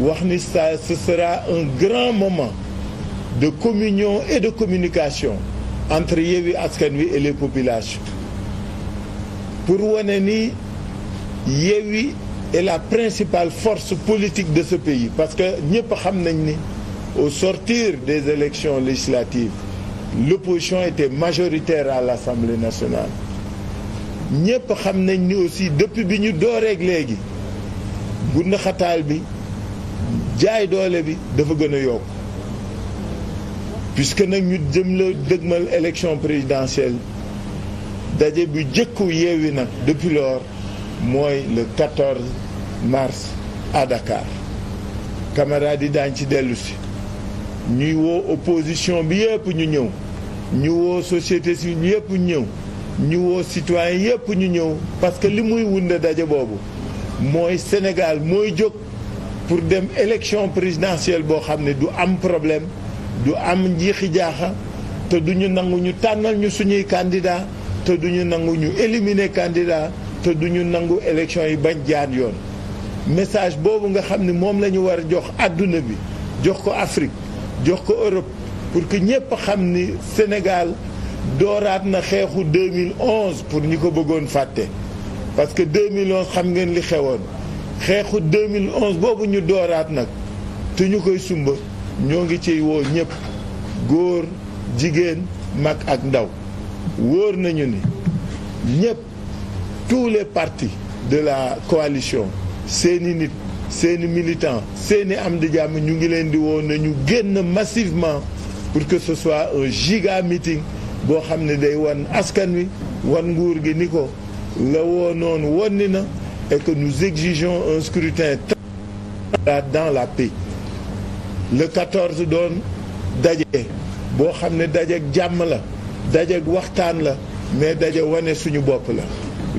wax ni ça ce sera un grand moment de communion et de communication entre Yewwi Askan Wi et les populations pour wane ni Yewwi est la principale force politique de ce pays parce que ñëpp xam nañ ni au sortir des élections législatives l'opposition était majoritaire à l'Assemblée nationale ñëpp xam nañ ni aussi depuis bi ñu dooreeg léegi bu naxataal bi jaay doole bi dafa gën a yokk puisque nag ñu jëm la dëgmal élection présidentielle daje bi jëkku yeewi nag depuis mooy le 14 mars à Dakar camarades yi daañ ci dellusi ñuy woo opposition bi yëpp ñu ñëw ñu woo société civile yëpp ñëw ñu woo citoyen yëpp ñu ñëw parce que li muy wunde daje boobu mooy Sénégal mooy jóg pour dem élection présidentielle boo xam ne du am problème du am njiixi jaaxa te duñu nangu ñu tànnal ñu suñuy candidat te duñu nangu ñu éliminer candidat te duñu nangu élection yi bañ jaar yoon message boobu nga xam ni moom la ñu war a jox àdduna bi jox ko Afrique jox ko Europe pour que ñëpp xam ni Sénégal dooraat na xeexu 2011 pour ñi ko bëggoon fàtte parce que 2011 xam ngeen li xewoon xeexu 2011 boobu ñu dooraat nag te ñu koy sumba ñoo ngi ci woo ñëpp góor jigéen mag ak ndaw wóor nañu ni ñëpp tous les partis de la coalition seeni nit seeni militants seeni am di jàmm ñu ngi leen di woon nañu génn massivement pour que ce soit un giga meeting boo xam ne day wan askan wi wan nguur gi ni ko la woo noonu wonni na et que nous exigeons un scrutin dans la paix le 14 doon daje boo xam ne dajeeg jàmm la dajeeg waxtaan la mais daje wane suñu bopp la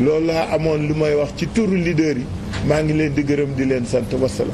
loolu laa amoon lu may wax ci turu leader yi maa ngi leen di gërëm di leen sant la